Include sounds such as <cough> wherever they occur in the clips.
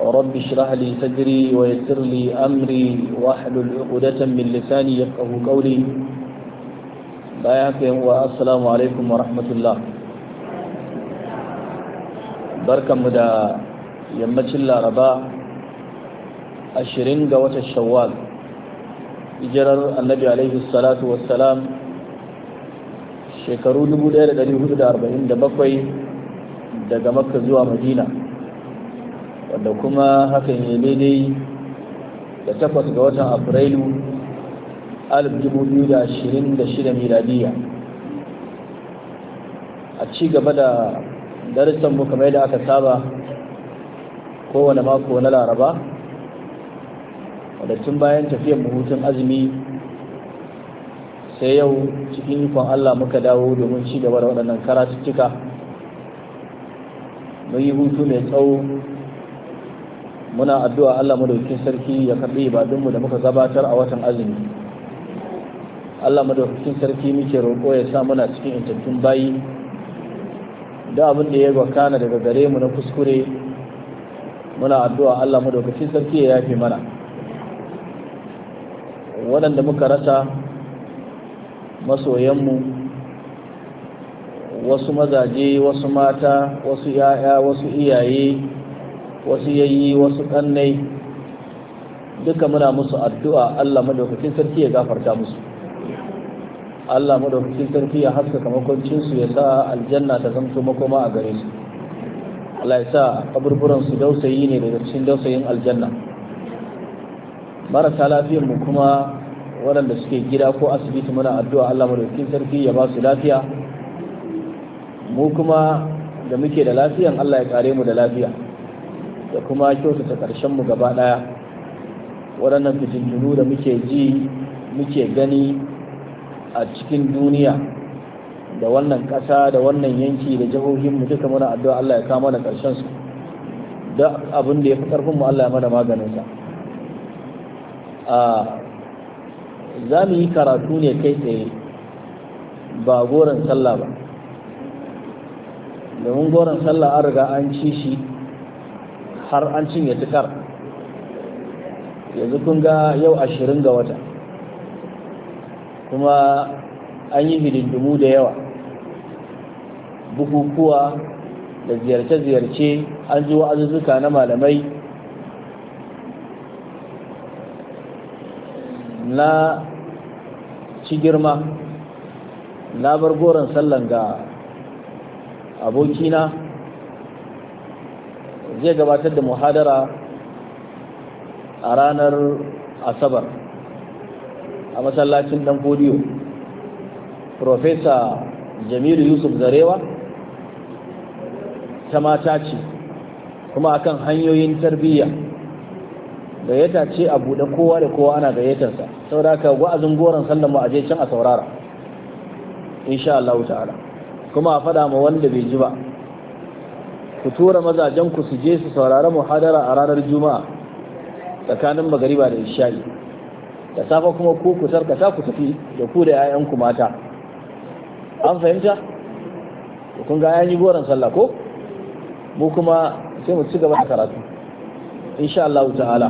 رب اشرح لي صدري ويسر لي أمري واحلل عقدة من لساني يفقه قولي bayan والسلام عليكم ورحمة الله barkanmu da yammacin laraba ashirin ga watan shawwal hijirar annabi alaihi salatu wassalam shekaru bakwai daga makka zuwa madina wanda kuma hakan ya daidai da takwas ga watan afrilu 2026 miladiya a cigaba da da mu kamar yadda aka saba kowane mako na laraba wadda tun bayan tafiyar hutun azumi sai yau cikin ikon Allah muka dawo domin ci gaba da waɗannan karatuttuka mun yi hutu mai tsawo muna addu'a Allah madaukakin sarki ya karbi ibadunmu da muka gabatar a watan azumi Allah madaukakin sarki muke roƙo ya sa muna cikin intattun bayi da abin da ya na daga gare mu na kuskure muna addu'a Allah madaukakin sarki ya yafe mana waɗanda muka rasa masoyanmu wasu mazaje wasu mata wasu 'ya'ya wasu iyaye wasu yayi wasu kannai duka muna musu addu'a Allah madaukakin sarki ya gafarta musu Allah madaukakin sarki ya haskaka makoncin su ya sa aljanna ta zanto makoma a gare su Allah ya sa kaburburan su dausayi ne daga cikin dausayin aljanna marasa lafiyar mu kuma waɗanda suke gida ko asibiti muna addu'a Allah madaukakin sarki ya ba su lafiya mu kuma da muke da lafiyan Allah ya kare mu da lafiya da kuma kyautata ƙarshen mu gaba ɗaya waɗannan fitintunu da muke ji muke gani a cikin duniya da wannan ƙasa da wannan yanki da mu duka muna addu'a Allah ya kawo mana ƙarshen su da abin da ya fi mu Allah ya mana maganin a za mu yi karatu ne kai tsaye ba goren sallah ba domin goren sallah an riga an ci shi har an cinye tukar yanzu kun ga yau ashirin ga wata kuma an yi hidindimu da yawa bukukuwa da ziyarce-ziyarce an ji wa'azuzzuka na malamai na ci girma na bar goron sallan ga abokina zai gabatar da muhadara a ranar asabar a masallacin dan kodiyo profesa jamilu yusuf zarewa ta mata ce kuma akan hanyoyin tarbiyya gayyata ce a buɗe kowa da kowa ana gayyatarsa sauraka wa'azin goron sallan mu a can a saurara insha Allah ta'ala kuma a faɗa ma wanda bai ji ba ku tura mazajen ku su je su saurari muhadara a ranar juma'a tsakanin magariba da isha'i da safa kuma ku ku sarkata ku tafi da ku da 'ya'yanku mata an fahimta kun ga yi goron sallah ko mu kuma sai mu ci gaba da karatu insha Allah ta'ala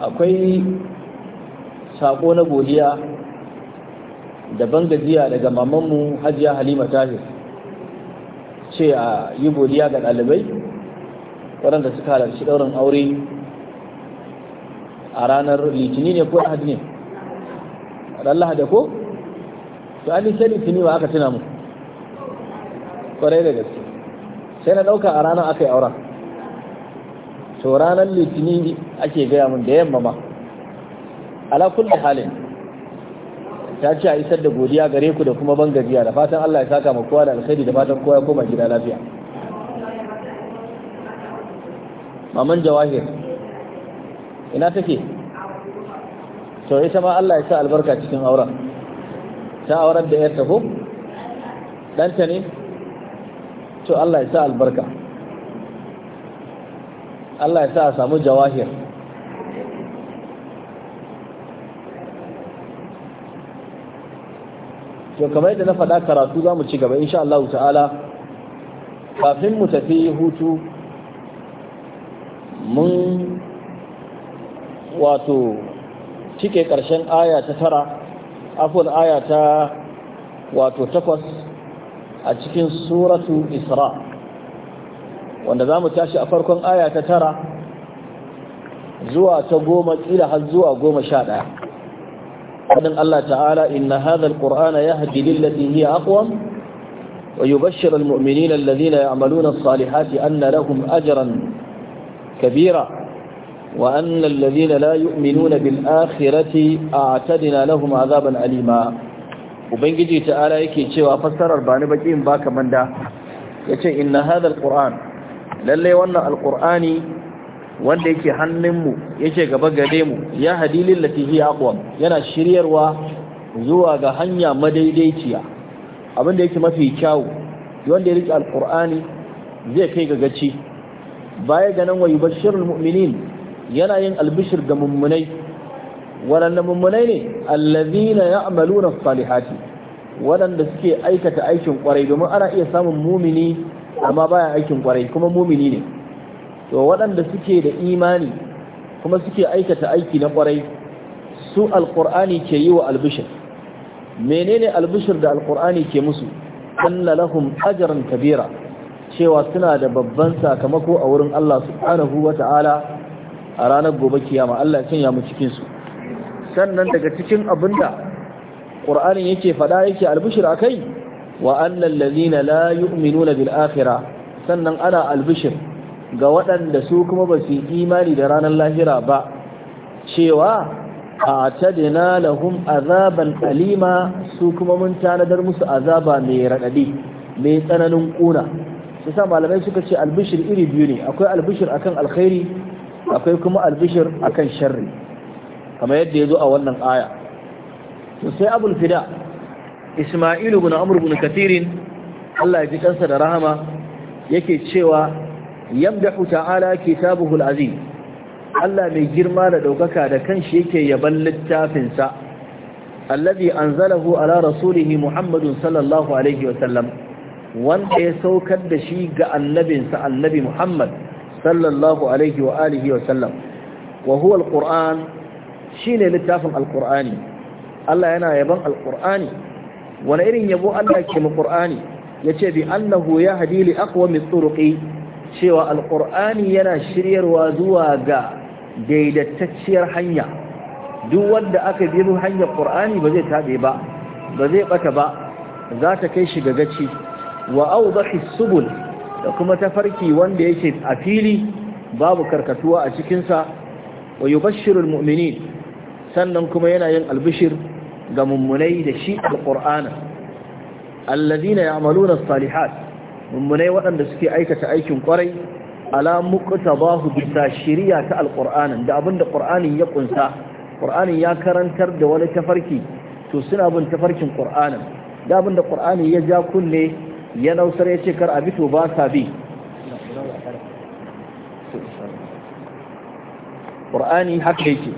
akwai sako na godiya da bangajiya daga mamanmu hajiya halima tahir ce a yi godiya ga ɗalibai waɗanda suka halarci ɗaurin aure a ranar litini ne ko lahadi ne ɗan lahada ko to an sai litini ba aka tuna mu Ƙwarai da gaske sai na ɗauka a ranar aka yi auren to ranar litini ake gaya mun da yamma ma ala kulli halin ta ce a isar da godiya gare ku da kuma ban gajiya da fatan Allah ya saka ma kowa da alkhairi da fatan kowa ya koma gida lafiya maman jawahir ina take to ita ma Allah ya sa albarka cikin auren ta auren da yarta ko ɗanta ne to Allah ya sa albarka Allah ya sa a samu jawahir to kamar yadda na faɗa karatu za mu ci gaba insha Allah ta'ala kafin mu tafi hutu mun wato cike ƙarshen aya ta tara afon aya ta wato takwas a cikin suratu isra wanda za mu tashi a farkon aya ta tara zuwa ta goma ƙila har zuwa goma sha ɗaya dan Allah ta'ala inna hadhal qur'ana yahdi lillati hiya aqwam wa yubashshiru almu'minina alladhina ya'maluna as-salihati anna lahum ajran kabira wa anna alladhina la yu'minuna bil akhirati a'tadna lahum adhaban alima ubangiji ta'ala yake cewa fassarar bani baki in baka manda yace inna hadhal Kur'an. Lallai wannan alqur'ani wanda yake hannunmu yake gaba gare mu ya hadilin latihi aqwam yana shiryarwa zuwa ga hanya madaidaiciya abinda yake mafi kyau wanda ya rike alqur'ani zai kai ga gaci baya ga nan wayu bashirul mu'minin yana yin albishir ga mummunai waɗanda mummunai ne allazina ya'maluna salihati waɗanda suke aikata aikin kwarai domin ana iya samun mumini amma baya aikin kwarai kuma mumini ne to waɗanda suke da imani kuma suke aikata aiki na ƙwarai su alƙur'ani ke yi wa albishir menene albishir da alƙur'ani ke musu anna lahum ajran kabira cewa suna da babban sakamako a wurin Allah subhanahu wata'ala a ranar gobe kiyama Allah ya sanya mu cikin su sannan daga cikin abinda Qur'ani yake faɗa yake albishir akai wa annal ladina la yu'minuna bil akhirah sannan ana albishir ga waɗanda su kuma ba su imani da ranar lahira ba cewa a tadina lahum azaban alima su kuma mun tanadar musu azaba mai raɗaɗi mai tsananin ƙuna su sa malamai suka ce albishir iri biyu ne akwai albishir akan alkhairi akwai kuma albishir akan sharri kamar yadda ya zo a wannan aya to sai abul fida isma'ilu bin amr bin katirin Allah ya ji kansa da rahama yake cewa yamdahu ta'ala kitabuhu al-aziz Allah mai girma da daukaka da kanshi yake yaban littafin sa alladhi anzalahu ala rasulih Muhammadun sallallahu alaihi wa wanda ya saukar da shi ga annabinsa annabi Muhammad sallallahu alaihi wa alihi wa wa huwa al shine littafin al Allah yana yaban al wani irin yabo Allah ke mu Qur'ani yace bi annahu yahdi li aqwami turuqi cewa alƙur'ani yana shiryarwa zuwa ga daidaitacciyar hanya duk wanda aka bi hanyar ƙur'ani ba zai taɓe ba ba zai ɓata ba za ta kai shi gagaci wa awdahi subul da kuma tafarki wanda yake a fili babu karkatuwa a cikin sa wa yubashshirul sannan kuma yana yin albishir ga mummunai da shi alqur'ana alladhina ya'maluna as-salihat mummunai waɗanda suke aikata aikin kwarai ala su bisa shirya ta alƙur'anin da abinda ƙur'anin ya ƙunsa. ƙur'anin ya karantar da wani tafarki to suna bin tafarkin ƙur'anin da abinda ƙur'anin ya ja kunne ya nausar ya ce kar abi to ba sa bi Ƙur'ani haka yake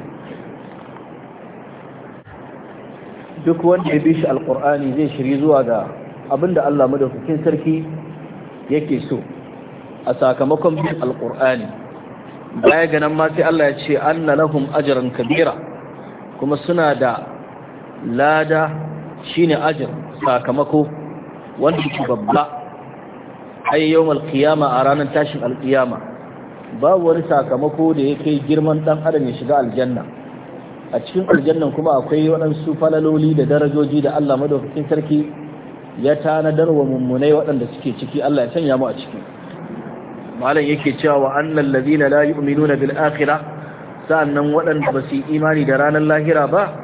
duk wanda ya bi shi alƙur'ani zai shiri zuwa ga abinda Allah madaukakin sarki yake so a sakamakon bin alƙur'ani baya ganin ma Allah ya ce anna lahum ajran kabira kuma suna da lada shine ajr sakamako wanda ke babba ai yawmal qiyama a ranar tashin alkiyama babu wani sakamako da yake girman ɗan adam ya shiga aljanna a cikin aljannan kuma akwai waɗansu falaloli da darajoji da Allah madaukakin sarki ya tanadar wa mummunai waɗanda suke ciki Allah ya sanya mu a ciki malam yake cewa wa annal ladina la yu'minuna bil akhirah sa'annan waɗanda ba su imani da ranar lahira ba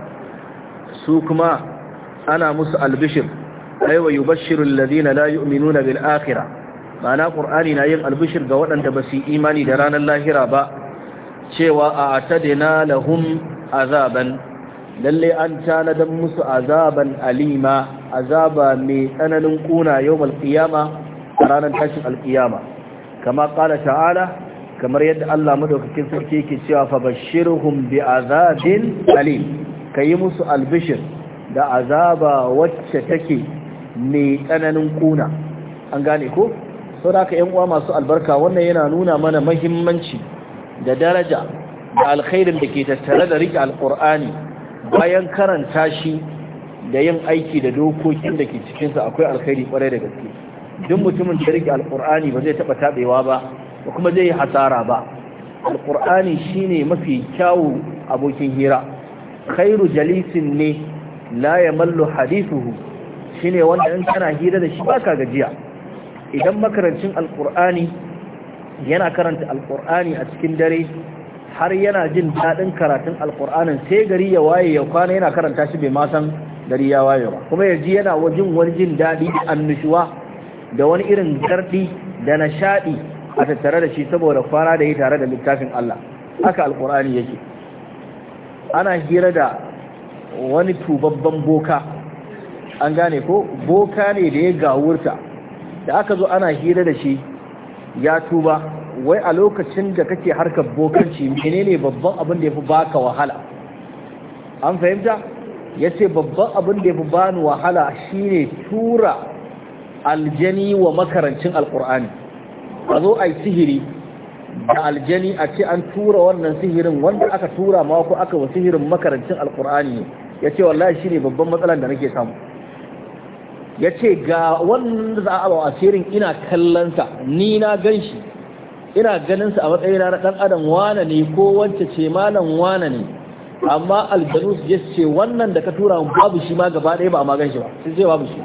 su kuma ana musu albishir ay wa yubashshiru alladhina la yu'minuna bil akhirah ma'ana qur'ani na yin albishir ga waɗanda ba su imani da ranar lahira ba cewa a atadina lahum azaban lalle an tanadan musu azaban alima azaba mai tsananin kuna yawmal qiyama a ranar tashin alqiyama kama qala ta'ala kamar yadda Allah madaukakin sarki yake cewa fa bashirhum bi azabin alim kayi musu albishir da azaba wacce take mai tsananin kuna an gane ko saboda haka ƴan uwa masu albarka wannan yana nuna mana muhimmanci da daraja da alkhairin da ke tattare da rike alqur'ani bayan karanta shi da yin aiki da dokokin da ke cikinsa akwai alkhairi kwarai da gaske duk mutumin da rike alkur'ani ba zai taɓa taɓewa ba ba kuma zai yi hasara ba alkur'ani shine mafi kyawu abokin hira khairu jalisin ne la yamallu hadithuhu shine wanda in kana hira da shi baka gajiya idan makarancin alkur'ani yana karanta alkur'ani a cikin dare har yana jin daɗin karatun alƙur'anin sai gari ya waye ya kwana yana karanta shi bai ma san gari ya waye ba kuma ya ji yana wajen wani jin daɗi da annushuwa da wani irin gardi da nishaɗi a tattare da shi saboda kwana da yi tare da littafin Allah haka alƙur'ani yake ana hira da wani tubabban boka an gane ko boka ne da ya gawurta da aka zo ana hira da shi ya tuba wai a lokacin da kake harkar bokanci menene babban abin da ya fi baka wahala an fahimta ya ce babban abin da ya fi bani wahala shine tura aljani wa makarancin alkur'ani a zo a yi sihiri da aljani a ce an tura wannan sihirin wanda aka tura ma ko aka wa sihirin makarancin alkur'ani ne ya ce wallahi shine babban matsalan da nake samu ya ce ga wanda za a asirin ina kallonsa ni na gan shi ina ganin su a matsayin na dan adam wane ne ko wance ce malam wane ne amma aljanus su ce wannan da ka tura mu babu shi ma gaba ɗaya ba a magan shi ba sai ce babu shi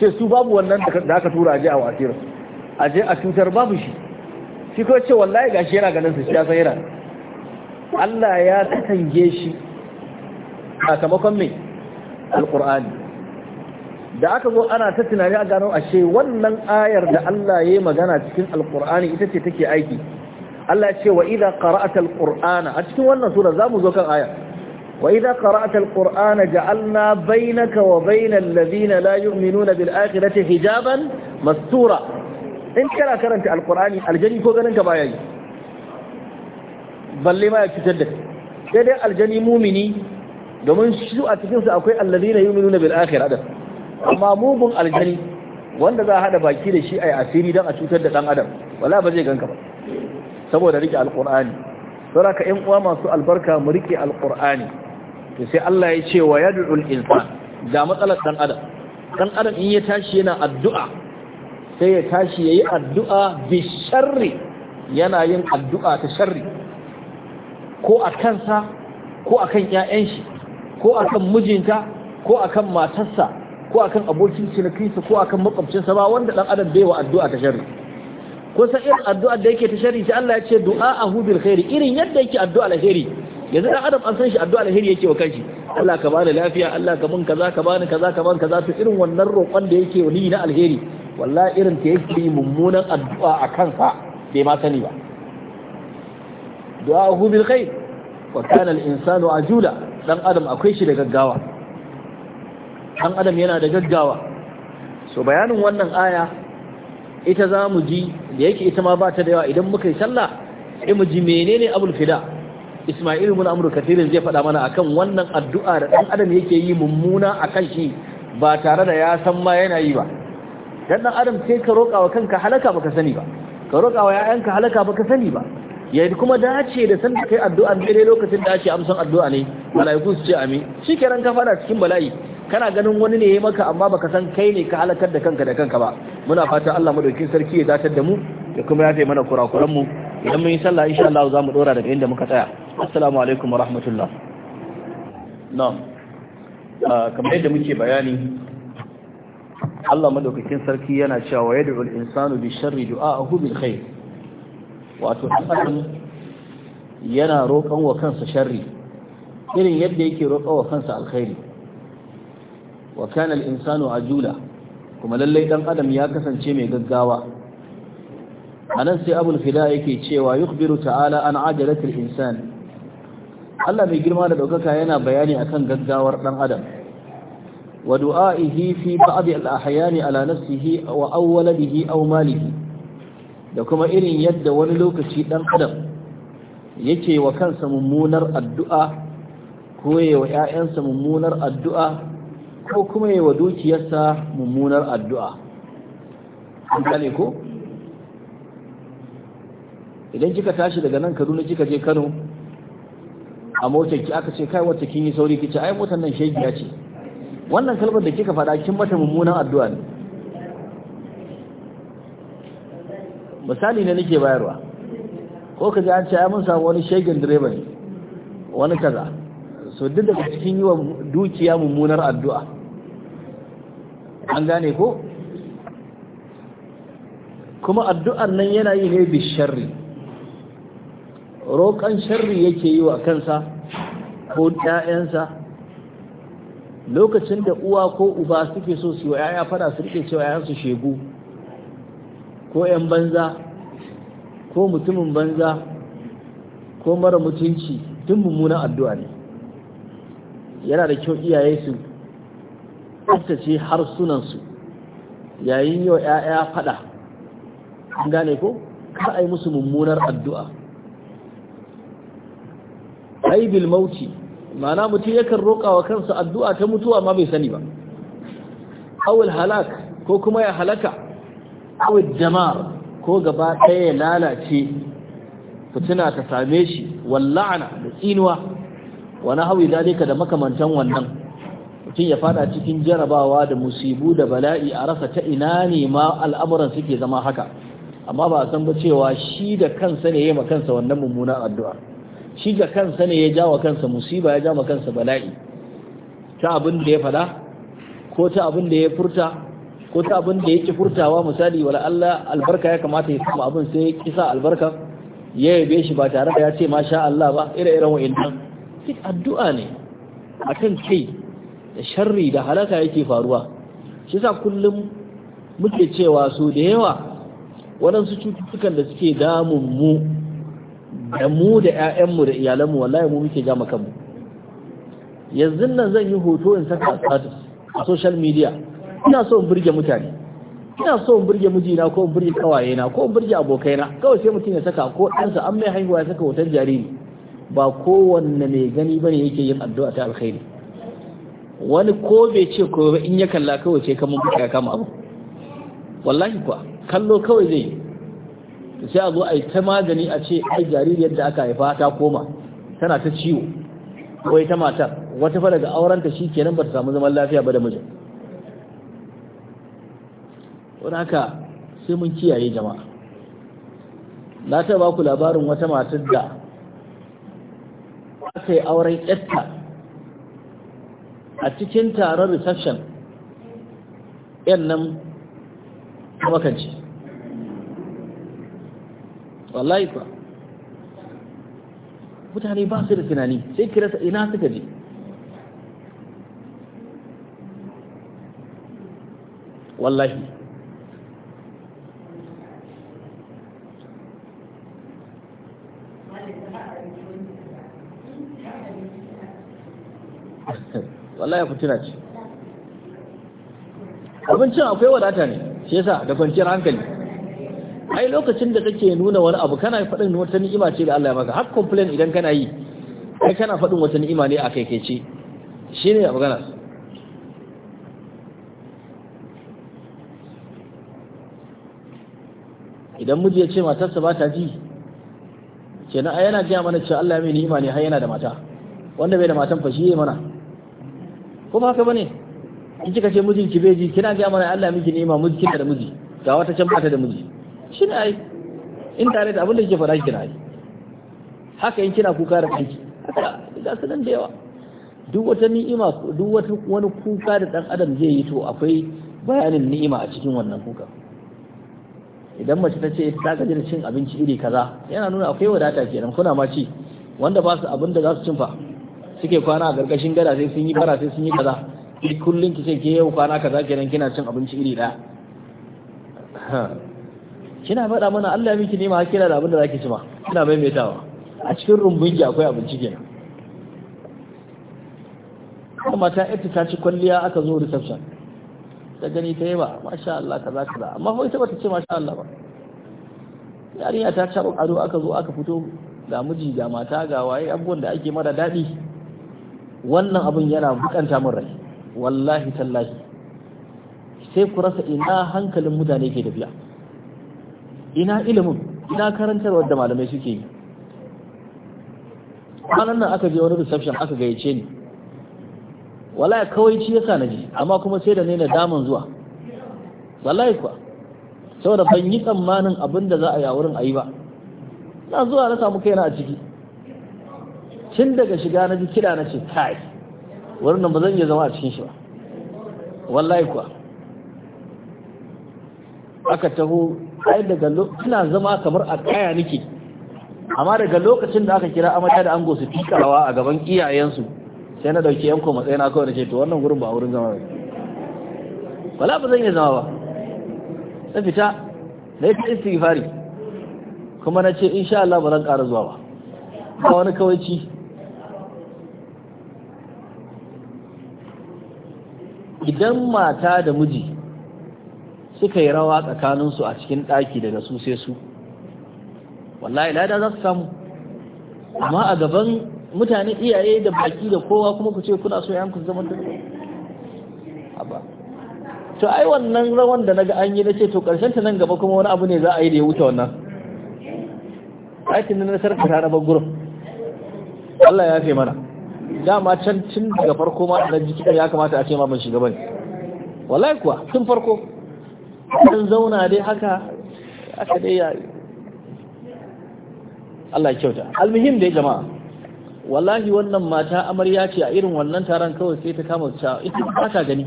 sai su babu wannan da aka tura aje a wasira aje a cutar babu shi shi ko ce wallahi gashi yana ganin su shi ya san yana Allah ya katange shi sakamakon mai alqur'ani da aka zo ana ta tunani a gano ashe wannan ayar da Allah ya magana cikin alkur'ani ita ce take aiki Allah ce wa idza qara'ta alqur'ana a cikin wannan sura zamu zo kan aya wa idza qara'ta alqur'ana ja'alna bainaka wa bainal ladina la yu'minuna bil akhirati hijaban mastura in kana karanta alqur'ani aljani ko ganin ka baya yi balle ma ya cutar da sai dai aljani mumini domin shi a cikin su akwai alladina yu'minuna bil akhirati amma mugun aljani wanda za a hada baki da shi a yi asiri don a cutar da ɗan adam wala ba zai ganka ba saboda rike alkur'ani ka yan uwa masu albarka mu rike Alƙur'ani? to sai Allah ya ce wa yad'ul insan ga matsalar ɗan adam Ɗan adam in ya tashi yana addu'a sai ya tashi yayi addu'a bi sharri yana yin addu'a ta sharri ko a kansa ko akan ƴaƴan shi ko akan mijinta ko akan matarsa ko akan abokin cinikinsa ko akan makwabcinsa ba wanda dan adam bai wa addu'a ta sharri ko irin addu'a da yake ta sharri sai Allah ya ce du'a ahu bil khairi irin yadda yake addu'a alheri yanzu dan adam an san shi addu'a alheri yake wa kanshi Allah ka bani lafiya Allah ka mun kaza ka bani kaza ka bani kaza to irin wannan roƙon da yake wani na alheri wallahi irin ta yake yi mummunan addu'a a kansa bai ma sani ba du'a ahu bil khair wa kana al insanu ajula dan adam akwai shi da gaggawa dan adam yana da gaggawa so bayanin wannan aya ita za mu ji da yake ita ma ba ta da yawa idan muka yi sallah sai mu ji menene abul fida Isma'il ibn Amr katirin zai faɗa mana akan wannan addu'a da dan adam yake yi mummuna akan shi ba tare da ya san ma yana yi ba dan dan adam sai ka roƙa wa kanka halaka baka sani ba ka roƙa wa ƴaƴanka halaka baka sani ba ya kuma dace da san kai addu'a daidai lokacin da ake amsan addu'a ne malaiku su ce amin shikenan ka fara cikin bala'i kana ganin wani ne ya maka amma baka san kai ne ka halakar da kanka da kanka ba muna fata Allah madaukin sarki ya datar da mu ya kuma yafe mana kurakuran mu idan mun yi sallah insha Allah za mu dora daga inda muka tsaya assalamu alaikum wa na'am ah, kamar yadda muke bayani Allah madaukakin sarki yana cewa yad'u al-insanu bi sharri du'a'ahu bil khair wato hakan yana roƙon wa kansa sharri irin yadda yake roƙon wa kansa alkhairi wa kana al-insanu ajula kuma lallai dan adam ya kasance mai gaggawa anan sai abul fida yake cewa yukhbiru ta'ala an ajalati al-insan Allah mai girma da daukaka yana bayani akan gaggawar dan adam wa du'a'ihi fi ba'd al-ahyan ala nafsihi wa awwalihi aw malihi da kuma irin yadda wani lokaci dan adam yake wa kansa mummunar addu'a ko yayansa mummunar addu'a ko kuma yi wa dukiyarsa mummunar addu'a an kane ko idan kika tashi daga nan kaduna kika je kano a motar ki aka ce kai wata kin yi sauri kici ai motar nan shegiya ce wannan kalmar da kika faɗa kin mata mummunan addu'a ne misali ne nake bayarwa ko ka ji an ce ai mun samu wani shegin direba ne wani kaza so duk daga cikin yi wa dukiya mummunar addu'a an gane ko kuma addu'ar nan yana yi ne bi sharri roƙon sharri yake yi wa kansa ko ɗayansa lokacin da uwa ko uba suke so su yi wa ‘ya'ya fada su rike cewa yansu shegu ko ‘yan banza ko mutumin banza ko mara mutunci tun mummunan addu'a ne yana da kyau iyaye su tsaftace harsunansu yayin yau ‘ya'ya faɗa an gane ko kar a yi musu mummunar addu'a aibil mauti mana mutum yakan roƙa wa kansa addu'a ta mutuwa ma bai sani ba awul halak ko kuma ya halaka awul jama'ar ko gaba ɗaya ya lalace fitina ta same shi walla'ana da tsinuwa wani hawi dalika da makamantan wannan mutum ya fada cikin jarabawa da musibu da bala'i a rasa ta ina ne ma al'amuran suke zama haka amma ba a san ba cewa shi da kansa ne ya ma kansa wannan mummunan addu'a shi da kansa ne ya ja wa kansa musiba ya ja ma kansa bala'i ta abin da ya fada ko ta abin da ya furta ko ta abin da ya ki furtawa misali wala Allah albarka ya kamata ya samu abin sai ya kisa albarka ya yabe shi ba tare da ya ce masha Allah ba ire-iren wa'annan duk addu'a ne akan kai da sharri da halaka yake faruwa shi sa kullum muke cewa su da yawa waɗansu cututtukan da suke damun mu da mu da 'ya'yanmu da iyalanmu wallahi mu muke jama kanmu yanzu nan zan yi hoto in saka status a social media ina so in burge mutane ina so in burge mijina ko in burge kawayena ko in burge abokaina kawai sai mutum ya saka ko ɗansa an mai haihuwa ya saka hoton jariri ba kowanne mai gani ba ne yake yin addu'a ta alkhairi wani ko bai ce ko ba in ya kalla kawai sai kaman buka kama abu wallahi kuwa kallo kawai zai yi sai a zo a yi ta magani a ce ai jaririyar da aka haifa ta koma tana ta ciwo wai ta matar wata fa daga aurenta shi kenan ba ta samu zaman lafiya ba da mijin wani haka sai mun kiyaye jama'a na ta ba ku labarin wata matar da aka yi auren yatta a cikin taron reception yan nan makanci wallahi ba mutane ba su da tunani sai sa ina suka je wallahi Thank <laughs> you. wallahi fitina ce abincin akwai wadata ne shi yasa da kwanciyar hankali ai lokacin da kake nuna wani abu kana faɗin wata ni'ima ce da Allah ya maka har complain idan kana yi kai kana faɗin wata ni'ima ne a kai kai ce shine a gana idan miji ya ce matarsa ba ta ji kenan ai yana gaya mana cewa Allah ya mai ni'ima ne har yana da mata wanda bai da matan fa shi yi mana ko ba haka bane in kika ce mijin ki beji kina ga mana Allah miki ni'ima miji kina da miji ga wata can bata da miji shine ai in tare da abin da kike faɗa kina ai haka in kina kuka da kanki haka da sanan da yawa duk wata ni'ima duk wata wani kuka da dan adam zai yi to akwai bayanin ni'ima a cikin wannan kuka idan mace ta ce ta ga da cin abinci iri kaza yana nuna akwai wadata kenan kuna ma ci wanda ba su abin da za su cin fa suke kwana a ƙarƙashin gada sai sun yi fara sai sun yi kaza kullum ki ce ke yau kwana kaza kenan kina cin abinci iri ɗaya kina faɗa mana Allah miki nema har kina da abin da zaki ci ma kina maimaitawa a cikin rumbun ki akwai abinci kenan kuma mata ita ta ci kwalliya aka zo reception ta gani ta yi ba masha Allah kaza kaza amma fa ita bata ce masha Allah ba yarinya ta ci ado aka zo aka fito ga miji ga mata ga waye abubuwan da ake mara daɗi wannan abin yana bukanta min rai wallahi tallahi sai ku rasa ina hankalin mutane ke tafiya ina ilimin ina karantarwar da malamai suke yi kwanan nan aka je wani reception aka gayyace ni wallahi kawai ci yasa na ji amma kuma sai da ne na daman zuwa wallahi kuwa saboda ban yi tsammanin abin da za a yi a wurin ba na zuwa na samu yana a ciki tun daga shiga na ji kira na ce kai wannan ba zan iya zama a cikin shi ba wallahi kuwa aka taho ai daga ina zama kamar a kaya nake amma daga lokacin da aka kira amarya da ango su fikarawa a gaban iyayensu sai na dauki yanko matsayina kawai na ce to wannan gurin ba wurin zama ba wala ba zan iya zama ba na fita na yi ta istighfari kuma na ce insha Allah ba zan ƙara zuwa ba ba wani kawai ci idan mata da miji suka yi rawa tsakaninsu a cikin ɗaki daga su sai su wallahi lada za su samu amma a gaban mutane iyaye da baki da kowa kuma ku ce kuna so yanku zama da abba to ai wannan rawan da naga an yi nace to karshen ta nan gaba kuma wani abu ne za a yi da ya wuce wannan aikin na sarka ta rabar gurin Allah ya fi mana dama can tun daga farko ma da jiki ya kamata a ce ma ban shiga bane wallahi kuwa tun farko an zauna dai haka aka dai ya Allah ya kyauta almuhim dai jama'a wallahi wannan mata amarya ce a irin wannan taron kawai sai ta kama ta ita ba ta gani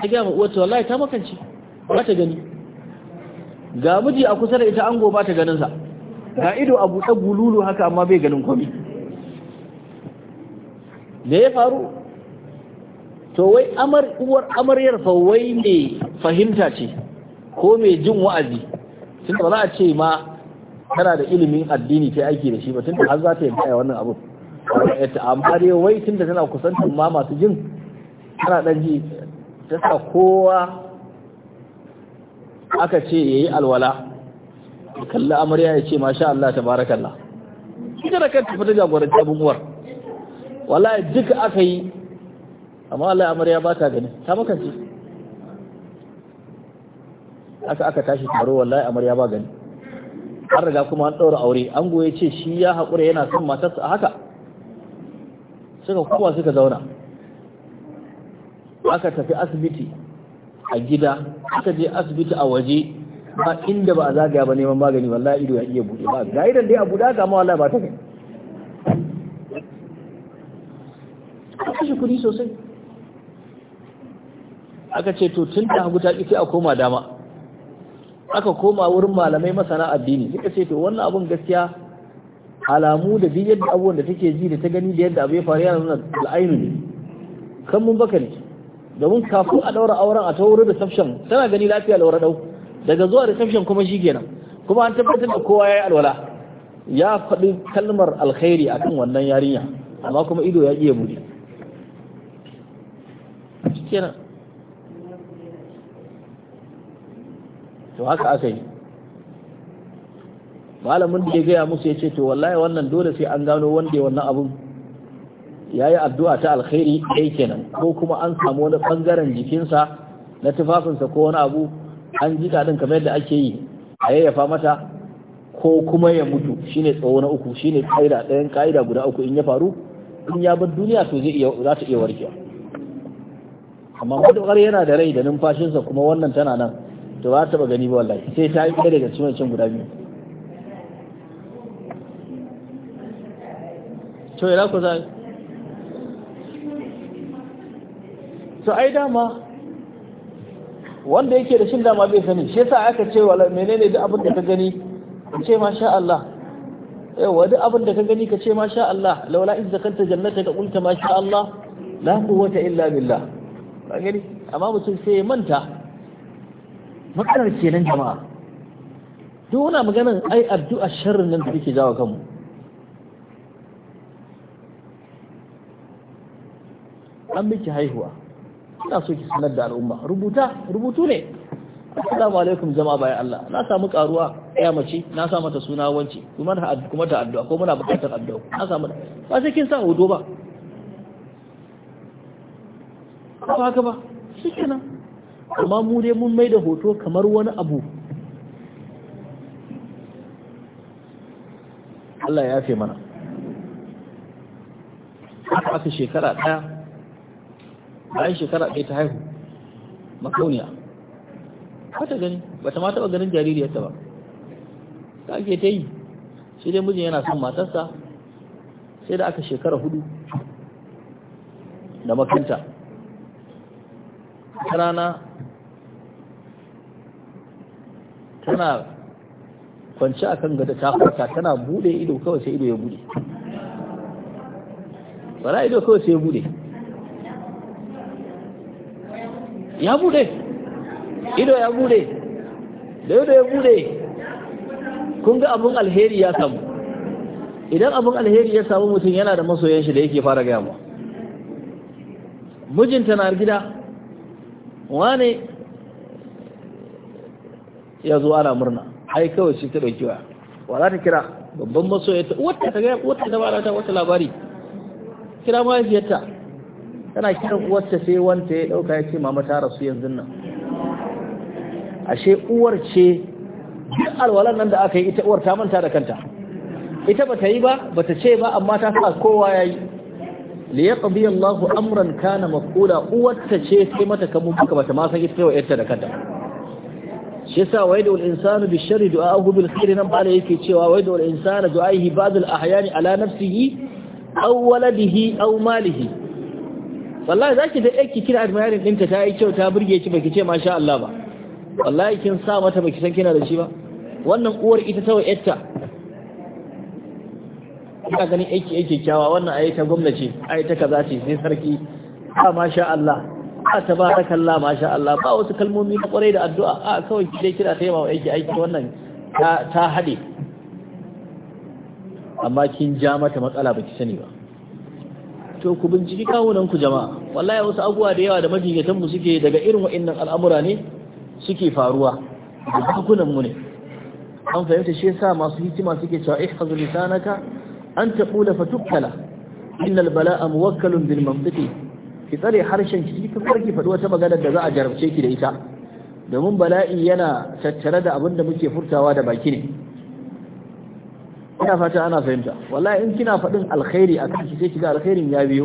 ta ga wata wallahi ta makance ba ta gani ga miji a kusa da ita ango ba ta ganin sa ga ido a buɗe bululu haka amma bai ganin komai Da ya faru to wai uwar amaryar fa wai ne fahimta ce ko mai jin wa'azi tunda ba za a ce ma tana da ilimin addini ta aiki da shi ba tunda har za ta yanta wannan abu amma dai wai tunda tana kusantar ma masu jin tana dan ji ta sa kowa aka ce ya yi alwala kalli amarya ya ce masha Allah barakalla ita da kanta fita jagoranci abin uwar wallahi duka aka yi amma Allah amarya ba ta gani ta makance aka aka tashi taro wallahi amarya ba gani an riga kuma an ɗaura aure an goye ce shi ya haƙura yana son matarsa a haka suka kuma suka zauna aka tafi asibiti a gida aka je asibiti a waje ba inda ba a zagaya ba neman magani wallahi ido ya iya buɗe ba ga idan dai a buɗe ga amma wallahi ba ta kai kashe kuɗi sosai aka ce to tun da hagu ta ƙi sai a koma dama aka koma wurin malamai masana addini suka ce to wannan abun gaskiya alamu da duk yadda abubuwan da take ji da ta gani da yadda abu ya faru yana nuna al'ainu ne kan mun baka ne domin kafin a ɗaura auren a tauri reception tana gani lafiya laura ɗau daga zuwa reception kuma shi kenan kuma an tabbatar da kowa ya yi alwala ya faɗi kalmar alkhairi akan wannan yarinya amma kuma ido ya iya buɗe kenan to haka aka yi malamin da ya gaya musu ya ce to wallahi wannan dole sai an gano wanda wannan abun ya yi addu'a ta alkhairi ɗaya kenan ko kuma an samu wani ɓangaren jikinsa na tufafinsa ko wani abu an ji ɗin kamar yadda ake yi a yayyafa mata ko kuma ya mutu shine tsawo na uku shine ƙa'ida ɗayan ƙa'ida guda uku in ya faru in ya bar duniya to zai iya za ta iya warkewa amma matuƙar yana da rai da numfashinsa kuma wannan tana nan to ba taɓa gani ba wallahi sai ta yi ɗaya daga cikin cin guda biyu to ina ku zai to ai dama wanda yake da shin dama bai sani shi yasa aka ce wala menene duk abin da ka gani ka ce masha Allah yawa duk abin da ka gani ka ce masha Allah laula in zakanta jannata ka qulta masha Allah la quwwata illa billah gani amma mutum sai ya manta matsalar kenan jama'a duk wani maganar ai addu'a sharrin nan da take jawo kanmu an miki haihuwa ina so ki sanar da al'umma rubuta rubutu ne assalamu alaikum jama'a bayan Allah na samu karuwa ya mace na sa mata suna wance kuma ta addu'a ko muna bukatar addu'a na samu ba sai kin sa hoto ba ba haka ba shi kenan amma mu dai mun mai da hoto kamar wani abu Allah ya fi mana haka aka shekara ɗaya bayan shekara ɗaya ta haihu makauniya ta gani ba ta mata ganin jaririyarta ba ta ake ta yi sai dai mijin yana son matarsa sai da aka shekara hudu da makanta rana tana kwanci akan gada ta farka tana bude ido kawai sai ido ya bude bara ido kawai sai ya bude ya bude ido ya bude da ido ya bude kun ga abin alheri ya samu idan abin alheri ya samu mutum yana da masoyan shi da yake fara gaya mu mijinta na gida wane ya zo ana murna ai kawai shi ta ɗauki waya wa za ta kira babban masoyarta wata ta gaya wata ta bada ta wata labari kira mahaifiyarta tana kiran uwarta sai wanta ya ɗauka ya ce mama ta rasu yanzu nan ashe uwar ce duk alwalan nan da aka yi ita uwar ta manta da kanta ita ba yi ba bata ce ba amma ta sa kowa ya yi li yaqdi Allahu amran kana maf'ula uwarta ce sai mata kamun baka bata ma san ita yarta da kanta shi yasa wayda al insanu bi sharri du'ahu bil khair nan bala yake cewa wayda al insanu du'aihi ba'd al ahyani ala nafsihi aw waladihi aw malihi wallahi zaki da yake kira admiring dinta ta yi kyau ta burge ki baki ce masha Allah ba wallahi kin sa mata baki san kina da shi ba wannan uwar ita ta yarta ina ganin aiki yake kyawa wannan ayi ta gwamnati ayi ta kaza ce sai sarki a masha Allah a tabarakallah masha Allah ba wasu kalmomi na kwarai da addu'a a kawai ki kira ta yawa aiki aiki wannan ta ta hade amma kin ja mata matsala baki sani ba to ku binciki kawunan ku jama'a wallahi wasu abubuwa da yawa da majinyatan mu suke daga irin wa'annan al'amura ne suke faruwa da bakunan mu ne an fahimta shi yasa masu hikima suke cewa ihfazu lisanaka an taqula fatukala inna bala'a muwakkalun bil mantiqi ki tsare harshen ki ki farki faɗi wata magana da za a jarabce ki da ita domin bala'i yana tattare da abin da muke furtawa da baki ne ina fata ana fahimta wallahi in kina faɗin alkhairi a kanki sai kiga alkhairin ya biyo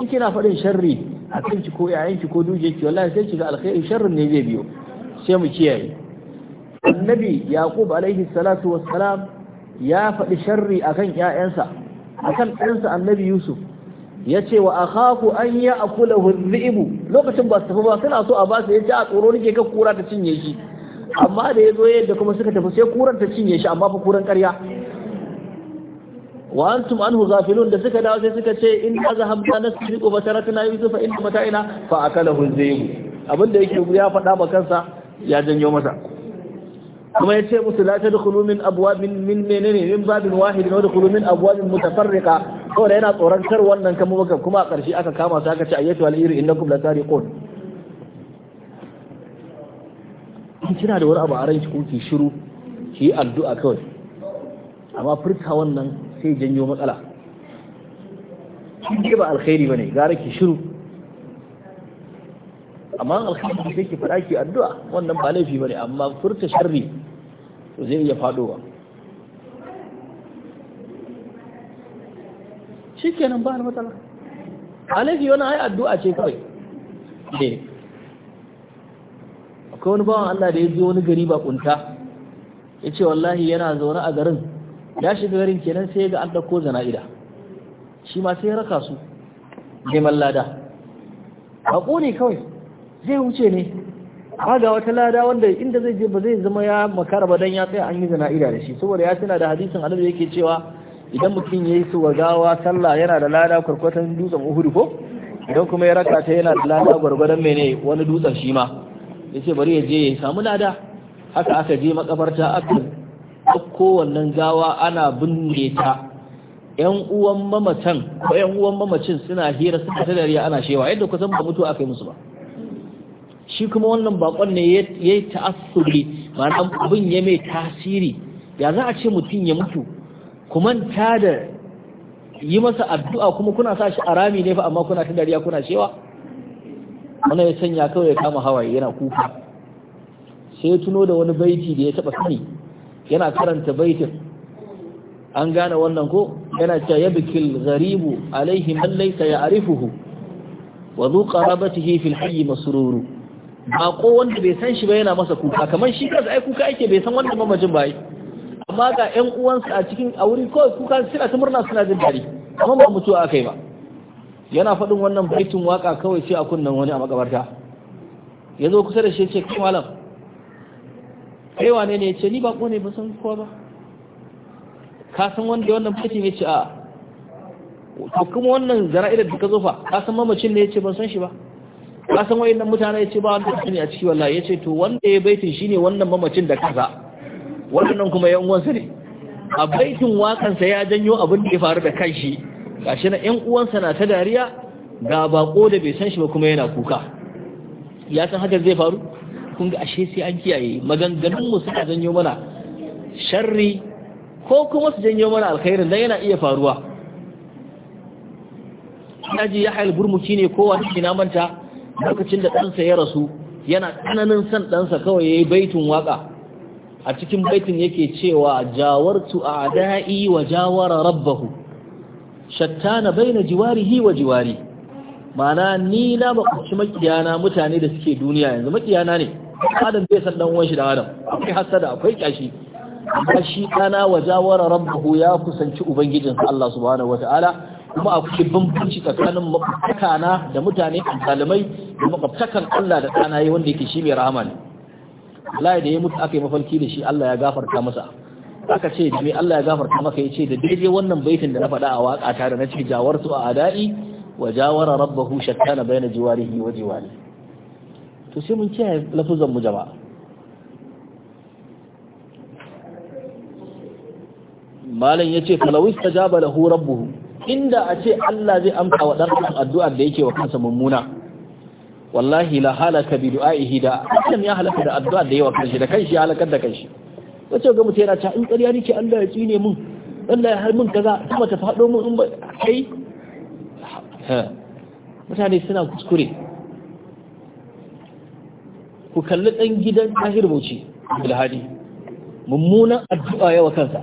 in kina faɗin sharri a kanki ko yayanki ko duje ki wallahi sai kiga alkhairin sharrin ne zai biyo sai mu kiyaye annabi yaqub alaihi salatu wassalam ya faɗi sharri a akan ƴaƴansa akan ɗansa annabi yusuf ya ce wa akhafu an ya akula ibu lokacin ba su tafi ba suna so a ba su ya ce a tsoro nake ka kura ta cinye shi amma da ya zo yadda kuma suka tafi sai kuran ta cinye shi amma fa kuran ƙarya wa antum anhu zafilun da suka dawo sai suka ce in azhabna nasriqu fa tarakna yusuf in mata'ina fa akalahu dhibu abinda yake ya faɗa ma kansa ya janyo masa kuma ya ce musu la da min abuwa min min menene min babin wahidin wa abuwa min abwab mutafarriqa saboda yana tsoron kar wannan kan maka kuma a ƙarshe aka kama su aka ce ayyatu al kuma innakum lasariqun in kina da wani abu a ranki ko ki shiru ki yi addu'a kawai amma furta wannan sai janyo matsala kin ba alkhairi bane gara ki shiru amma alkhairi sai ki faɗa ki addu'a wannan ba laifi bane amma furta sharri to zai iya faɗowa shi kenan ba matsala alafi wani ai addu'a ce kawai ne akwai wani bawan Allah da ya zo wani gari ba kunta ya ce wallahi yana zaune a garin ya shiga garin kenan sai ga an ɗauko zana'ida shi ma sai ya raka su neman lada haƙo ne kawai zai wuce ne ga wata lada wanda inda zai je ba zai zama ya makara ba dan ya tsaya an yi ida da shi saboda ya tana da hadisin annabi yake cewa idan mutum yayi su gawa sallah yana da lada kurkwatan dutsen Uhud ko idan kuma ya raka ta yana da lada gurgurdan mene wani dutsen shi ma yace bari ya je ya samu lada haka aka je makabarta aka ɗauko wannan gawa ana binne ta yan uwan mamacin suna hira suka ta dariya ana shewa yadda kusan ba mutu aka yi musu ba shi kuma wannan bakon ne ya yi ba na abin ya mai tasiri ya za a ce mutum ya mutu kuma ta da yi masa addu'a kuma kuna sa shi a rami ne fa amma kuna ta dariya kuna cewa Wani ya sanya kawai ya kama hawaye yana kuka sai ya tuno da wani baiti da ya taba sani yana karanta baitin an gane wannan ko yana cewa "Ya bikin gharibu alaihi man ya arifuhu wa zuƙa rabatihi fil hayy masururu bako wanda bai san shi ba yana masa kuka kamar shi kansa ai kuka yake bai san wanda mamajin ba amma ga ƴan uwansa a cikin a wuri kawai kuka suna ta murna suna jin daɗi amma ba mutuwa akai ba yana faɗin wannan baitin waka kawai sai a kunnan wani a makabarta ya zo kusa da shi ce kai malam kai wane ne yace ce ni bako ne ba san kowa ba ka san wanda wannan baitin ya ce a to kuma wannan zara'idar da ka zo fa ka san mamacin ne ya ce ban san shi ba ka san nan mutane yace ba wanda sani a ciki wallahi yace to wanda ya baitin shine wannan mamacin da kaza wannan kuma yan uwansa ne a baitin wakansa ya janyo abin da ya faru da kanshi gashi na yan uwansa na ta dariya ga bako da bai san shi ba kuma yana kuka ya san haka zai faru kun ga ashe sai an kiyaye maganganun mu suka janyo mana sharri ko kuma su janyo mana alkhairin dan yana iya faruwa Ya ji al-Burmuki ne kowa na manta lokacin da ɗansa ya rasu yana tsananin son ɗansa kawai ya yi baitun waƙa a cikin baitin yake cewa jawartu a da'i wa jawara rabbahu na baina hi wa jiwari mana ni na bakunci makiyana mutane da suke duniya yanzu makiyana ne adam bai san ɗan wanshi da adam akwai hasada akwai kyashi amma shi ɗana wa jawara rabbahu ya kusanci Ubangijin Allah subhanahu ta'ala kuma akwai bambanci tsakanin makana da mutane zalimai da makwabtakan Allah da ɗana yi wanda yake shi mai rahama ne Allah da ya mutu aka yi mafarki da shi Allah ya gafarta masa aka ce da me Allah ya gafarta maka ya ce da daidai wannan baitin da na faɗa a waka ta da na ce jawartu a ada'i wa jawara rabbahu shattana bayna jiwarihi wa jiwari to sai mun kiyaye lafuzan mu jama'a malam yace falawis tajaba lahu rabbuhu inda a ce Allah zai amsa wa dan addu'ar da yake wa kansa mummuna wallahi la halaka bi du'aihi da kan ya halaka da addu'a da yawa kanshi da kanshi ya halakar da kanshi wace ga mutum yana ta in ƙarya nake Allah ya tsine mun Allah ya har mun kaza kuma ta faɗo mun in bai? kai mutane suna kuskure ku kalli ɗan gidan tahir bauchi bilhadi mummunan addu'a yawa kansa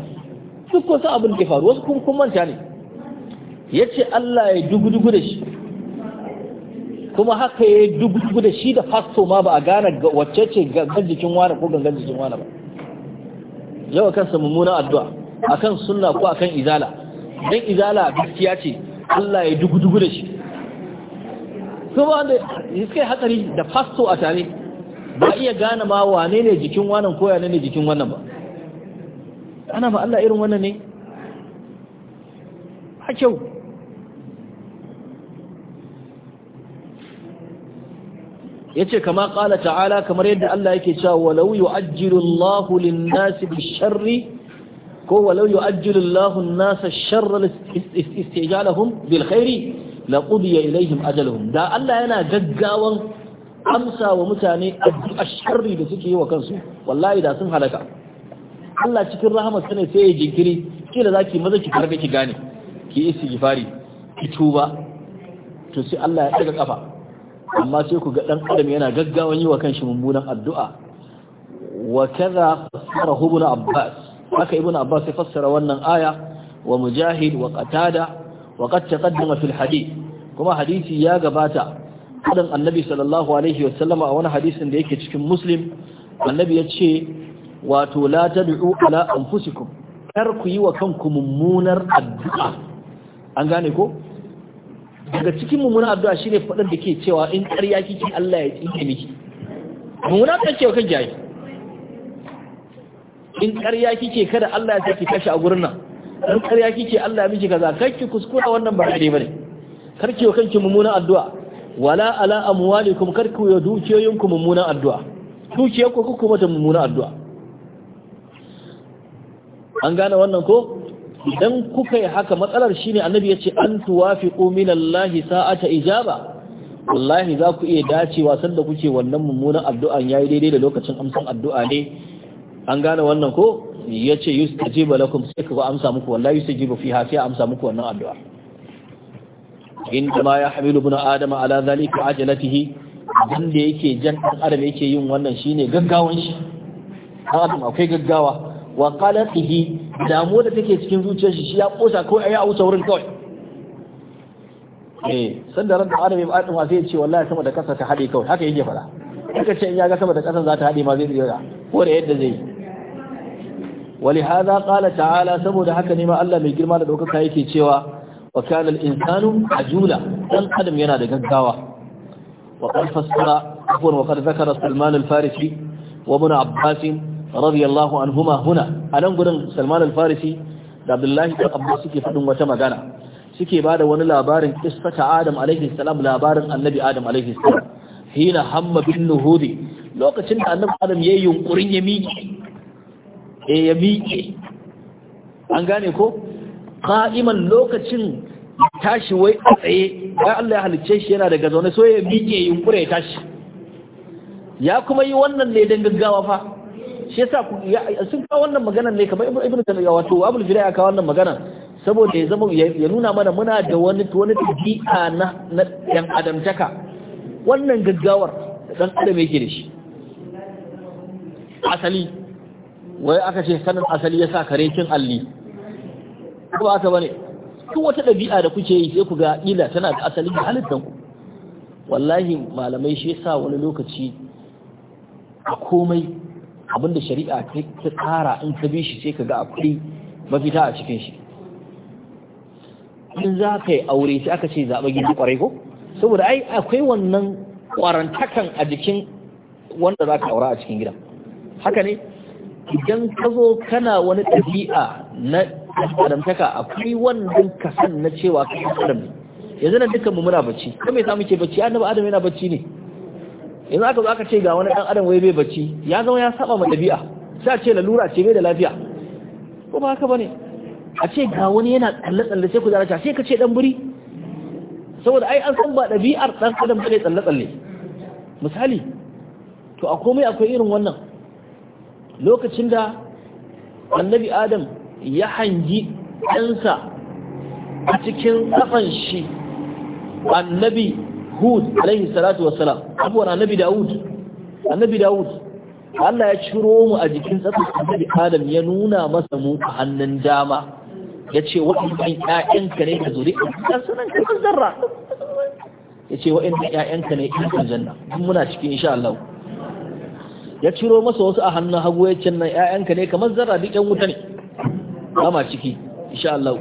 duk wasu abin da faru wasu kun manta ne yace Allah ya dugudugu da shi kuma haka ya dubu da shi da fasto ma ba a gane wacce ce gangan jikin wani ko gangan jikin wani ba yau akan samun muna addu'a akan sunna ko akan izala don izala gaskiya ce Allah ya dubu dubu da shi kuma wanda ya kai hatsari da fasto a tare ba iya gane ma wane ne jikin wannan ko ya ne jikin wannan ba ana ma Allah irin wannan ne a kyau yace kama kala ta'ala kamar yadda Allah yake cewa walau yu'ajjilu Allahu lin-nasi sharri ko walau yu'ajjilu Allahu an-nasa ash-sharra istijalahum bil-khairi ilaihim ajaluhum da Allah yana gaggawan amsa wa mutane addu'a sharri da suke yi wa kansu wallahi da sun halaka Allah cikin rahamarsa ne sai ya jinkiri kila zaki maza ki karbe ki gane ki istighfari ki tuba to sai Allah ya daga kafa amma sai ku ga dan adam yana gaggawan yi wa kanshi mummunan addu'a wa kaza fassara ibn abbas haka ibn abbas ya fassara wannan aya wa mujahid wa qatada wa qad taqaddama fil hadith kuma hadisi ya gabata hadin annabi sallallahu alaihi wa a wani hadisin da yake cikin muslim annabi ya ce wato la tad'u ala anfusikum kar ku yi wa kanku mummunar addu'a an gane ko daga cikin mummunan addu'a shine faɗin da ke cewa in ƙarya kike Allah ya tsine miki mummunan addu'a cewa kan jayi in ƙarya kike kada Allah ya saki kashi a gurin nan in ƙarya kike Allah ya miki kaza ki kuskura wannan ba dai bane karki kanki mummunan addu'a wala ala amwalikum karki wa dukiyoyinku mummunan addu'a ku kuku mata mummunan addu'a an gane wannan ko idan kuka yi haka matsalar shi ne annabi ya ce an tuwafiqu minallahi sa'ata ijaba wallahi za ku iya dacewa sanda kuke wannan mummunan addu'an yi daidai da lokacin amsan addu'a ne an gane wannan ko ya ce yace ba lakum sai ku amsa muku wallahi ba fi sai amsa muku wannan addu'a inda ma ya hamilu buna adama ala zalika ajalatihi wanda yake jan ɗan adam yake yin wannan shi ne gaggawan shi adam akwai gaggawa wa qalatihi damuwa da take cikin zuciyar shi shi ya kosa ko ayi a wuce wurin kawai eh san da ranar adam ya bada ma ce wallahi sama da kasa ta hade kawai haka yake fara haka ce in ya ga sama da kasa za ta hade ma zai tsira ko da yadda zai yi ولهذا قال تعالى saboda haka ne ma Allah mai girma da daukaka yake cewa wa kana al-insanu ajula dan Adamu yana da gaggawa wa qad fassara afwan wa farisi radiyallahu anhuma huna a nan gurin Salman al da Abdullahi da Abbas suke faɗin wata magana suke ba da wani labarin qissata Adam alaihi salam labarin Annabi Adam alaihi lokacin da Annabi Adam yayi yunkurin eh, ya miƙe an gane ko qa'iman lokacin tashi wai a tsaye ya Allah ya halicce shi yana ya miƙe yunkure ya tashi ya kuma yi wannan ne don gaggawa fa shi yasa ku sun kawo wannan magana ne kamar ibnu da wato abul jira ya kawo wannan magana saboda ya zama ya nuna mana muna da wani wani tabi'a na na yan adamtaka wannan gaggawar dan adam yake da shi asali wai aka ce sanin asali yasa kare kin alli ko aka bane duk wata dabi'a da kuke yi sai ku ga ila tana da asali da halittan ku wallahi malamai shi yasa wani lokaci a komai abinda shari'a ta tsara in ka bi shi sai ka ga akwai mafita a cikin shi in za ka yi aure sai aka ce zaɓa gida ƙwarai ko saboda ai akwai wannan ƙwarantakan a jikin wanda za ka aura a cikin gida haka ne idan ka zo kana wani ɗabi'a na adamtaka akwai wannan kasan na cewa ka adam ne yanzu na dukkan mu muna bacci kuma yasa muke bacci annabi adam yana bacci ne in aka zo aka ce ga wani dan adam wai bai bacci ya zama ya saba ma dabi'a sai a ce lalura ce bai da lafiya ko ba haka bane a ce ga wani yana tsalle tsalle sai ku zara ta sai ka ce dan buri saboda ai an san ba dabi'ar dan adam bane tsalle tsalle misali to a komai akwai irin wannan lokacin da annabi adam ya hangi ɗansa a cikin kafan shi annabi hud alaihi salatu wassalam abuwan annabi Dawud annabi Dawud Allah ya ciro mu a jikin tsatsin annabi adam ya nuna masa mu a hannun dama ya ce wa'in ƴaƴanka ne ka zuri ka sanan ka zarra ya ce wa'in ƴaƴanka ne ka janna duk muna cikin insha Allah ya ciro masa wasu a hannun hagu ya ce nan ƴaƴanka ne kamar zarra duk ƴan wuta ne kama ciki insha Allah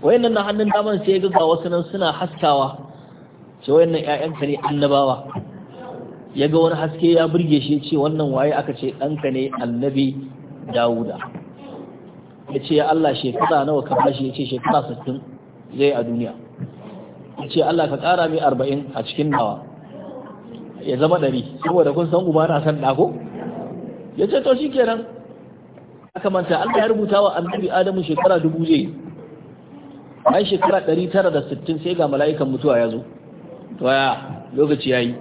wayannan na hannun daman sai ga wasu nan suna haskawa ce wayannan ƴaƴanka ne annabawa ya ga wani haske ya burge shi ce wannan waye aka ce ɗanka ne annabi dawuda ya ce Allah shekara nawa ka bashi ya ce shekara sittin zai a duniya ya ce Allah ka ƙara mai arba'in a cikin nawa ya zama ɗari saboda kun san uba na san ɗako ya ce to shi kenan aka manta Allah ya rubuta wa annabi Adamu shekara dubu zai bayan shekara ɗari tara da sittin sai ga mala'ikan mutuwa ya zo waya lokaci yayi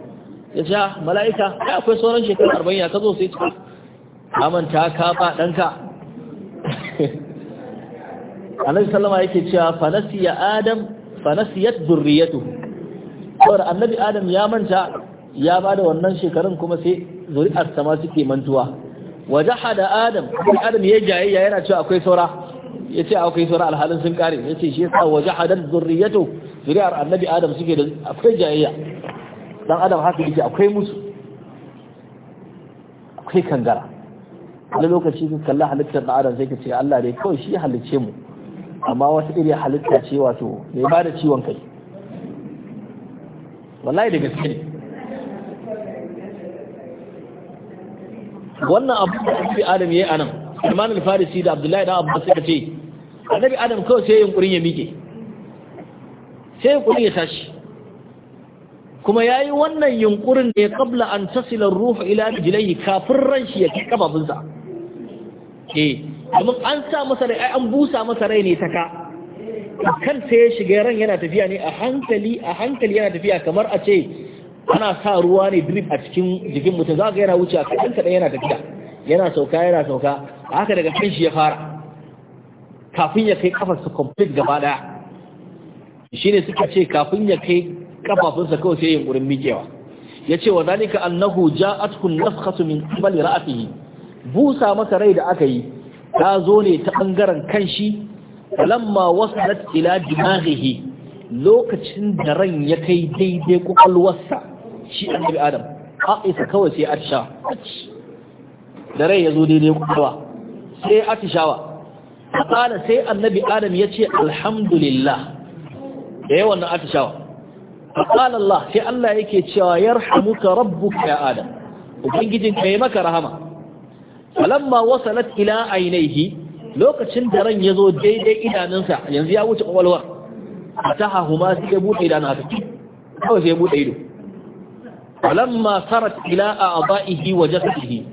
ya ce ah, mala'ika ya akwai sauran shekaru arba'in ya ka zo sai cika amanta ka ba ɗanka <laughs> annabi sallama yake cewa fanasiya adam fanasiyat zurriyatu kawai annabi adam ya manta ya ba da wannan shekarun kuma sai zuri'ar sama suke mantuwa Waje da adam kuma adam ya jayayya yana cewa akwai saura ya ce akwai saura alhalin sun kare ya ce shi yasa waje da zurriyatu zuriyar annabi adam suke da akwai jayayya dan adam haka yake akwai musu akwai kangara wani lokaci sun kalla halittar da adam sai ka ce Allah ne kawai shi halicce mu amma wasu iri halitta ce wato mai ba da ciwon kai wallahi da gaske ne wannan abu da abu adam yayi anan Imam al-Farisi da Abdullahi da Abbas suka ce annabi adam kawai sai yunkurin ya mike sai kuɗi ya tashi kuma ya yi wannan yunkurin da ya kabla an tasilar ruhu ila jilai kafin ran shi ya kai kababinsa eh domin an sa masa rai an busa masa rai ne ta ka kan sai ya shiga ran yana tafiya ne a hankali a hankali yana tafiya kamar a ce ana sa ruwa ne drip a cikin jikin mutum za ka yana wuce a kan kaɗan yana tafiya yana sauka yana sauka haka daga kan shi ya fara kafin ya kai kafarsa complete gaba ɗaya ne suka ce kafin ya kai kafafunsa kawai sai yunkurin Ya ce wa zalika annahu ja'athu nafkhatu min qibali ra'atihi busa masa rai da aka yi ta zo ne ta bangaren kanshi lamma wasalat ila dimaghihi lokacin da ran ya kai daidai kwakwalwarsa shi annabi adam isa kawai sai atisha da rai ya zo daidai kwakwalwa sai atishawa a sai annabi adam ya ce alhamdulillah da yawan nan atishawa فقال Allah sai Allah yake cewa yarhamuka rabbuka ya adam ubangijin ka yi maka rahama falamma wasalat ila ainihi lokacin da ran yazo daidai idanunsa yanzu ya wuce kwakwalwar fataha huma sai ya bude idanu haka kawai sai ya bude ido falamma sarat ila a'daihi wa jasadihi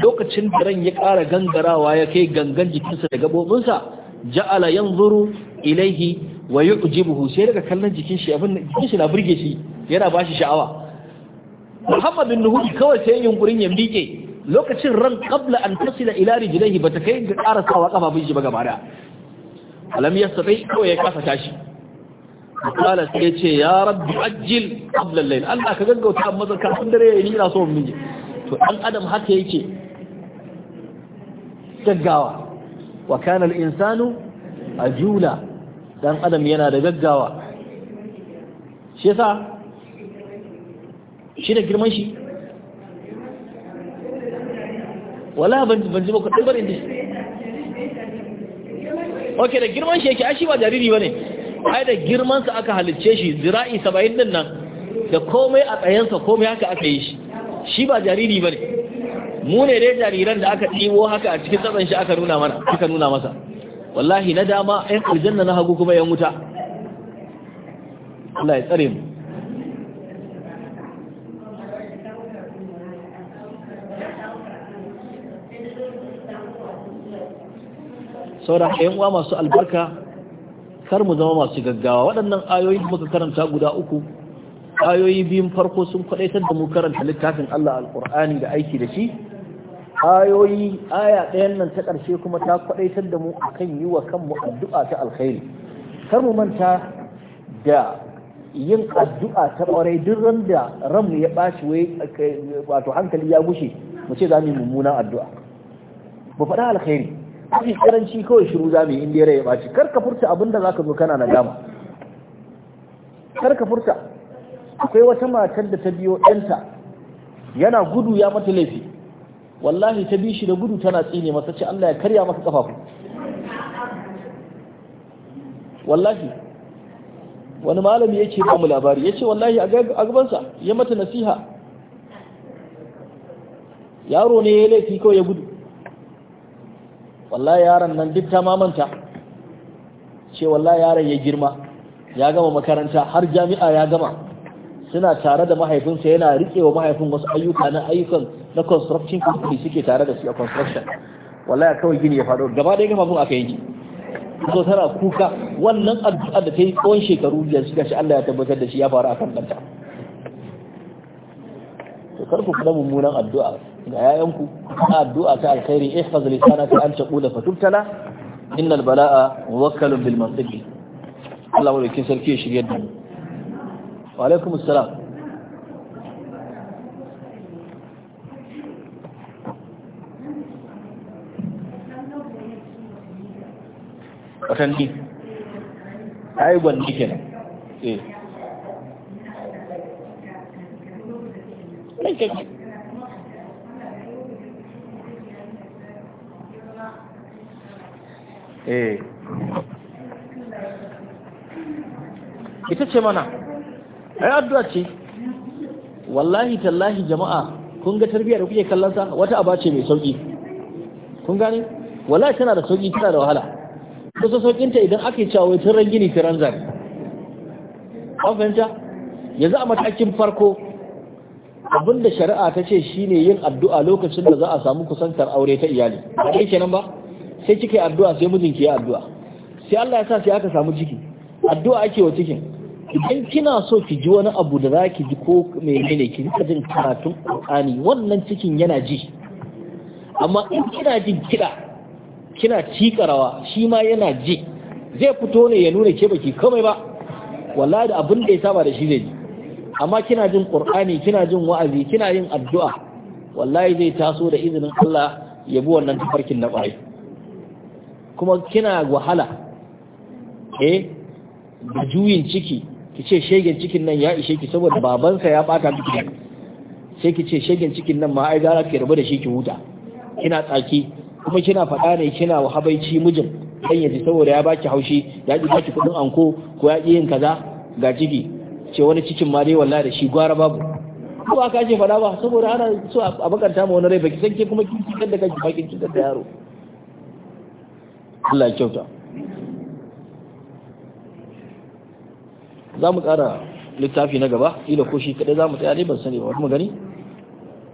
lokacin da ran ya ƙara gangarawa ya kai gangan jikinsa da gabobinsa ja'ala yanzuru ilaihi wa yu'jibuhu sai daga kallon jikin shi abin jikin shi na burge shi yana bashi sha'awa Muhammad bin kawai sai yunkurin ya miƙe lokacin ran qabla an tasila ila rijlihi bata kai ga karasawa kafafun shi ba gaba da alam yastati kawai ya kasa tashi qala sai ce ya rabbi ajil qabla al-layl Allah ka gaggauta amma kafin dare ni ina so mun to dan adam haka yake gaggawa wa kana al-insanu ajula dan adam yana da gaggawa shi yasa shi da girman shi wala ban ji ba ku dubar inda shi ok da girman shi yake a shi ba jariri ba ne ai da girmansa aka halicce shi zira'i 70 din nan da komai a tsayensa komai haka aka yi shi shi ba jariri ba ne mu ne dai jariran da aka tsibo haka a cikin tsatsan shi aka nuna mana aka nuna masa wallahi na dama ɗan aljanna na hagu kuma yan wuta Allah ya tsare mu sauran uwa masu albarka kar mu zama masu gaggawa waɗannan ayoyin muka karanta guda uku ayoyi biyun farko sun kwaɗaitar da mu karanta littafin Allah alƙur'ani da aiki da shi ayoyi aya ɗayan nan ta ƙarshe kuma ta kwaɗaitar da mu akan yi wa kanmu addu'a ta alkhairi kar mu manta da yin addu'a ta ƙwarai duk ran da ranmu ya ɓaci wato hankali ya gushe mu ce za mu yi mummunan addu'a ba faɗa alkhairi fi ƙaranci kawai shiru za mu yi inda ya ɓaci kar ka furta abin da za ka zo kana na gama. kar ka furta akwai wata matar da ta biyo ɗanta yana gudu ya mata laifi wallahi ta bi shi da gudu tana tsine masa ce Allah ya karya masa kafafu wallahi wani malami yake ba mu labari yace wallahi a sa ya mata nasiha yaro ne ya laifi kawai ya gudu wallahi yaron nan duk ta mamanta ce wallahi yaron ya girma ya gama makaranta har jami'a ya gama suna tare da mahaifinsa yana rike wa mahaifin wasu ayyuka na ayyukan na construction company suke tare da su a construction wallahi kawai gini ya faɗo gaba ɗaya gama mun aka yanki so tana kuka wannan addu'a da ta yi tsawon shekaru biyar shi gashi Allah ya tabbatar da shi ya faru akan ɗanta to kar ku faɗa mummunan addu'a ga yayanku addu'a ta alkhairi ihfaz ta an taqula fatubtala innal bala'a muwakkalun bil mansibi Allah kin sarki ya shirye da mu wa alaikum assalam watanni ai gwanni kenan eh kai kai eh. ce mana ai addu'a ce wallahi tallahi jama'a kun ga tarbiyyar da kuke kallon sa wata aba ce mai sauki kun gane wallahi tana da sauki tana da wahala kusa saukin ta idan aka yi cewa wai tun gini tiran zar an yanzu a matakin farko abinda shari'a ta ce shine yin addu'a lokacin da za a samu kusantar aure ta iyali ba kai kenan ba sai kika yi addu'a sai mijinki ya addu'a sai Allah ya sa sai aka samu ciki addu'a ake wa cikin idan kina so ki ji wani abu da za ki ji ko menene ki rika jin karatun Qur'ani wannan cikin yana ji amma in kina jin kiɗa kina cika rawa shi ma yana ji zai fito ne ya nuna ke baki komai ba wallahi da abin da ya saba da shi zai ji amma kina jin Qur'ani kina jin wa'azi kina yin addu'a wallahi zai taso da izinin Allah ya bi wannan tafarkin na ƙwarai kuma kina wahala eh da juyin ciki ki ce shegen cikin nan ya ishe ki saboda babansa ya bata miki sai ki ce shegen cikin nan ma ai gara ki rubu da shi ki huta kina tsaki kuma kina faɗa ne kina wahabaici mijin dan yaji saboda ya baki haushi ya ji baki kudin anko ko ya yin kaza ga ciki ce wani cikin ma dai wallahi da shi gwara babu ko aka ce fada ba saboda ana so a bakanta ma wani rai baki san ke kuma kin kidda da kanki bakin kidda da yaro Allah ya kyauta za mu ƙara littafi na gaba ila ko shi kaɗai za mu tsaya ne ban sani ba wani magani